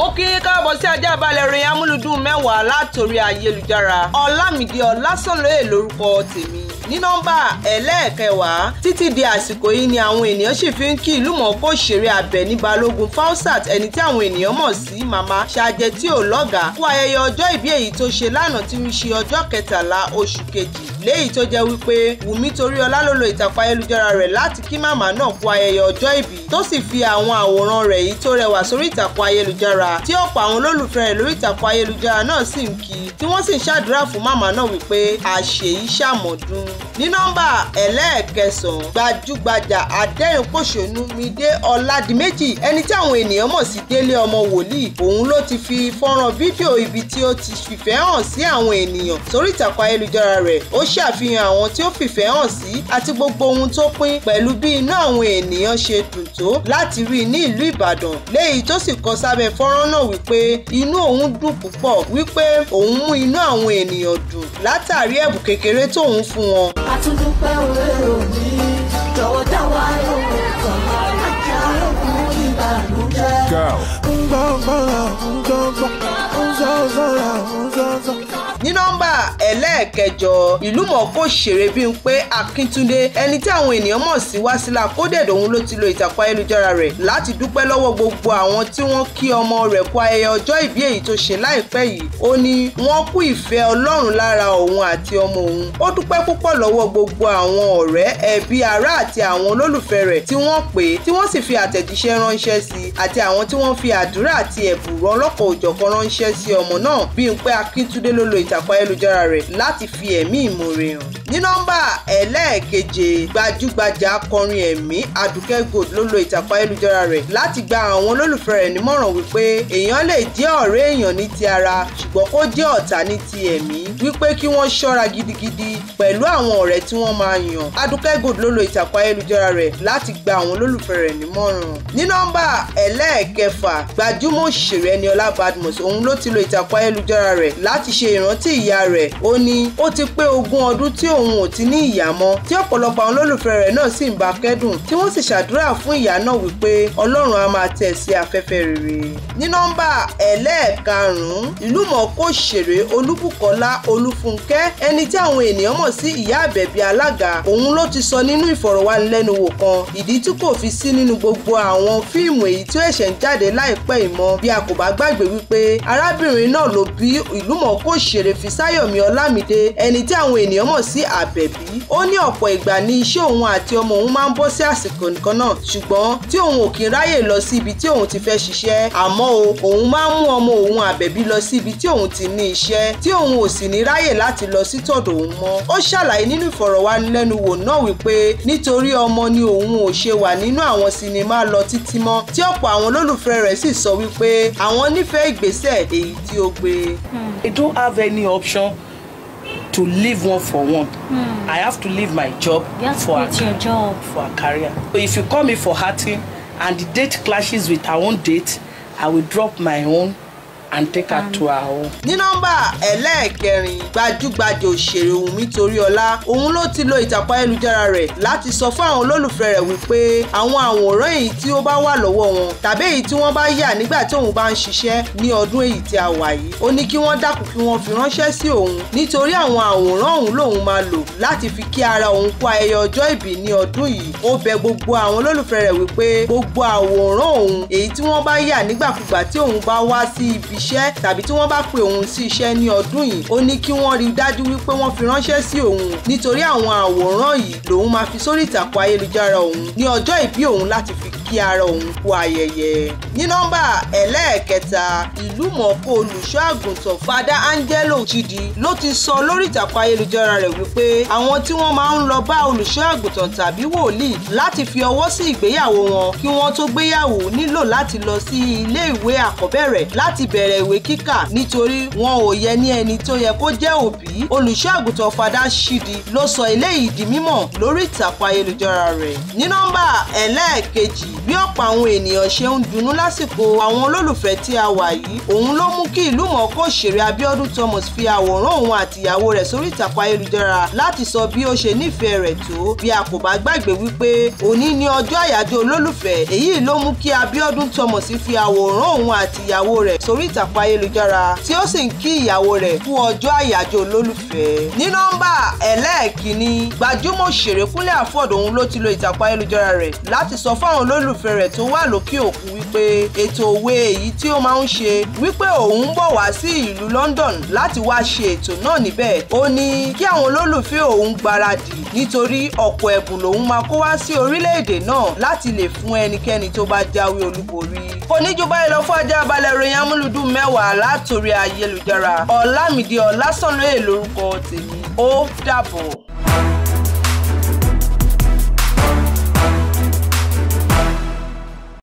What kí káàbọ̀ sí ajá balẹ̀ ìròyìn amúlùdùn mẹ́wàá látòrí ayélujára ọlámìdí ọlásànlóye lórúkọ tèmi ní nọ́mbà ẹlẹ́ẹ̀kẹwàá títí di àsìkò yìí ni àwọn ènìyàn sì fi ń kí ìlú mọ̀ọ́kọ́ òṣèré Àbẹ̀ní Balógun Falsat ẹni tí àwọn ènìyàn mọ̀ sí màmá ṣàjẹ tí ò lọ́gàá fún ayẹyẹ ọjọ́ ìbí èyí tó ṣe lánàá tí ń ṣe ọjọ́ kẹtàlá oṣù kejì léyìí tó jẹ́ wípé Wùmí Toríọlá ló lo ìtàkùn ayélujára rẹ̀ láti kí màmá náà kú ayẹyẹ ọjọ́ ìbí tó sì fi àwọn àwòrán rẹ̀ yìí tó rẹwà sórí ìtàkùn ayélujára tí ọ̀pọ̀ àwọn olólùfẹ́ rẹ̀ lórí ìtàkùn ayélujára náà sì ń kí tí wọ́n sì ń ṣàdúrà fún màmá náà wípé àṣeyí ṣàmọ̀dún. ní nọ́mbà ẹlẹ́ẹ̀kẹsàn-án gbajúgbajà adẹ́rìn-pọ̀ṣónú Mídé Ọládìméjì ẹni tí àwọn ènìyàn mọ̀ sí Délé ọmọ wòlíì òun ló ti fi fọ́nrán fídíò ibi tí ó ti fìfẹ́ hàn sí àwọn ènìyàn sórí ìtàkùn ayélujára rẹ̀ ó ṣàfihàn àwọn tí ó fìfẹ́ hàn sí àti gbogbo ohun tó pín pẹ̀lú bí inú àwọn ènìyàn ṣe dùn tó láti rí i ní ìlú Ìbàdàn léyìí tó sì kọ sábẹ́ fọ́nrán náà wípé inú òun dùn púpọ̀ wípé òun mú inú àwọn ènìyàn dùn látàrí ẹ̀bùn kékeré tóun fún wọn. a tún dúpẹ́ òwe òní jọ̀wọ́ dá wa lóhùn. ẹlẹ́ẹ̀kẹjọ ìlúmọ̀ọ́ká òṣèré Bímpé Akíntúndé ẹni tí àwọn ènìyàn mọ̀ sí Wásílà kódẹ̀dọ̀ òun ló ti lo ìtàkùn ayélujára rẹ̀ láti dúpẹ́ lọ́wọ́ gbogbo àwọn tí wọ́n kí ọmọ rẹ̀ àsìkò ayẹyẹ ọjọ́ ìbí èyí tó ṣe láìpẹ́ yìí ó ní wọ́n kú ìfẹ́ ọlọ́run lára òun àti ọmọ òun ó dúpẹ́ púpọ̀ lọ́wọ́ gbogbo àwọn ọ̀rẹ́ ẹbí ará àti àwọn olólùfẹ́ rẹ̀ tí wọ́n pè é tí wọ́n sì fi àtẹ̀jíṣẹ́ ránṣẹ́ sí i àti àwọn tí wọ́n fi àdúrà àti ẹ̀bùrọ̀ ọlọ́kọ̀ òjọ̀kan ránṣẹ́ sí ọmọ náà Bímpé Akíntúndé ló lo ìtàkùn ayélujára rẹ̀ láti fi ẹ̀mí ìmoore hàn ní nọ́mbà ẹlẹ́ẹ̀keje gbajúgbajà akọrin ẹ̀mí Àdùkẹ́ Gold ló lo ìtàkùn ayélujára rẹ̀ láti gba àwọn olólùfẹ́ rẹ̀ nímọ̀ràn wípé èèyàn lè jẹ́ ọ̀rẹ́ èèyàn ní ti ara ṣùgbọ́n kó jẹ́ ọ̀tá ní ti ẹ̀mí wípé kí wọ́n ṣọ́ra gidigidi pẹ̀lú àwọn ọ̀rẹ́ tí wọ́n máa yàn Àdùkẹ́ Gold ló lo ìtàkùn ayélujára rẹ̀ láti gba àwọn olólùfẹ́ rẹ̀ nímọ̀ràn ní nọ́mbà ẹlẹ́ẹ̀kẹfà gbajúmọ̀ òṣèré Ẹniọlá Badmus òun ló ti lo ìtàkùn ayélujára rẹ̀ láti ṣe ìrántí ìyá rẹ̀ ó ní ó ti pé ogún ọdún tí òun òun ò ti ní ìyá mọ́ tí ọ̀pọ̀lọpọ̀ àwọn olólùfẹ́ rẹ̀ náà sì ń bá kẹ́dùn tí wọ́n sì ṣàdúrà fún ìyá náà wípé ọlọ́run á máa tẹ̀ sí afẹ́fẹ́ rere. ní nọ́mbà ẹlẹ́ẹ̀karùn-ún ìlú mọ̀ọ́kọ́ òṣèré olúbùkọ́lá olúfúnkẹ́ ẹni tí àwọn ènìyàn mọ̀ sí ìyá àbẹ̀bí alága òun ló ti sọ nínú ìfọ̀rọ̀wánilẹ́nuwò kan ìdí tí kò fi sí nínú gbogbo àwọn fíìmù èyí tí ó ẹ̀ṣẹ̀ ń jáde láìpẹ́ ìmọ̀ bí a kò bá gbàgbé wípé arábìnrin náà ló bí ìlú mọ̀ọ́kọ́ òṣèré Fisáyọ̀mí Ọlámidé ẹni tí àwọn ènìyàn mọ̀ sí àbẹ̀bí ó ní ọ̀pọ̀ ìgbà ni iṣẹ́ òun àti ọmọ òun máa ń bọ́ sí àsìkò nìkan náà ṣùgbọ́n tí òun ò kí ráyè lọ sí ibi tí òun ti fẹ́ ṣiṣẹ́ àmọ́ o òun máa ń mú ọmọ òun àbẹ̀bí lọ sí ibi tí òun ti ní iṣẹ́ tí òun ò sì ní ráyè láti lọ sí tọ̀dọ̀ òun mọ́ ó ṣàlàyé nínú ìfọ̀rọ̀wánilẹ́nuwò náà wípé nítorí ọmọ ni òun ò ṣe wà nínú àwọn sinimá lọ títí mọ́ tí ọ̀pọ̀ àwọn olólùfẹ́ rẹ̀ sì sọ wípé àwọn nífẹ̀ẹ́ ìgbésẹ̀ èyí tí ó gbé. I don't have any option to live one for one. Mm. I have to leave my job for a, your job for a career. So if you call me for hurting and the date clashes with our own date, I will drop my own àǹtíkà tu àwọ. ní nọ́mbà ẹlẹ́ẹ̀kẹrin gbajúgbajà òṣèré Wùmí Toríọlá òun ló ti lo ìtàkùn ayélujára rẹ̀ láti sọ fún àwọn olólùfẹ́ rẹ̀ wípé àwọn àwòrán èyí tí ó bá wà lọ́wọ́ wọn tàbí èyí tí wọ́n bá yà nígbà tí òun bá ń ṣiṣẹ́ ní ọdún èyí tí a wà yìí ó ní kí wọ́n dákun kí wọ́n fi ránṣẹ́ sí òun nítorí àwọn àwòrán òun lòun máa lò láti fi kí ara òun kú ayẹyẹ ọjọ́ ìbí ní ọdún yìí ó bẹ gbogbo àwọn olólùfẹ́ rẹ̀ wípé gbogbo àwòrán òun èyí tí wọ́n bá yà nígbàkúgbà tí òun bá wá sí ibi iṣẹ́ tàbí tí wọ́n bá pe òun sí iṣẹ́ ní ọdún yìí ó ní kí wọ́n rí i dájú wípé wọ́n fi ránṣẹ́ sí òun nítorí àwọn àwòrán yìí lòun máa fi sórí ìtàkùn ayélujára òun ní ọjọ́ ìbí òun láti fi kí ara òun kú ayẹyẹ. ní nọ́mbà ẹlẹ́ẹ̀kẹta ìlúmọ̀ọ́ká olùṣọ́ àgùntàn fada angelo chidi ló ti sọ lórí ìtàkùn ayélujára rẹ̀ wípé àwọn tí wọ́n máa ń lọ bá olùṣọ́ tàbí wòlíì láti fi ọwọ́ sí ìgbéyàwó wọn kí wọ́n tó gbéyàwó nílò láti lọ sí ilé ìwé àkọ́bẹ̀rẹ̀ láti bẹ̀rẹ̀ bẹ̀rẹ̀ ìwé kíkà nítorí wọn ò yẹ ní ẹni tó yẹ kó jẹ́ òbí olùṣọ́ fada ṣídì ló sọ eléyìí di mímọ̀ lórí ìtàkùn ayélujára rẹ̀ ní nọ́mbà ẹlẹ́ẹ̀kejì bí ọ̀pọ̀ àwọn ènìyàn ṣe ń dunnú lásìkò àwọn olólùfẹ́ tí a wà yìí òun ló mú kí ìlú mọ̀ọ́ká òṣèré Abíọ́dún Thomas fi àwòrán òun àti ìyàwó rẹ̀ sórí ìtàkùn ayélujára láti sọ bí ó ṣe nífẹ̀ẹ́ rẹ̀ tó bí a kò bá gbàgbé wípé òní ni ọjọ́ àyájọ́ olólùfẹ́ èyí ló mú kí Abíọ́dún Thomas fi àwòrán òun àti ìyàwó rẹ̀ sórí ìtàkùn ayélujára tí ó sì ń kí ìyàwó rẹ̀ kú ọjọ́ àyájọ́ olólùfẹ́ ní nọ́mbà ẹlẹ́ẹ̀kínní gbajúmọ̀ òṣèré ti lo ìtàkùn ayélujára rẹ̀ láti sọ fáwọn olólùfẹ́ rẹ̀ tó wà lókè òkun wípé ètò òwe èyí tí ó máa ń ṣe wípé òun ń bọ̀ wá sí ìlú London láti wá ṣe ètò náà níbẹ̀ ó ní kí àwọn olólùfẹ́ òun gbaradì nítorí ọ̀pọ̀ ẹ̀bùn lòun máa kó wá sí orílẹ̀-èdè náà láti lè fún ẹnikẹ́ni tó bá jáwé olúborí kò ní ju báyìí lọ fún ajá balẹ̀ ìròyìn amúlùdùn mẹ́wàá látòrí ayélujára ọ̀làmìdí ọ̀làsànlóye lórúkọ tèmi ó dàbọ̀.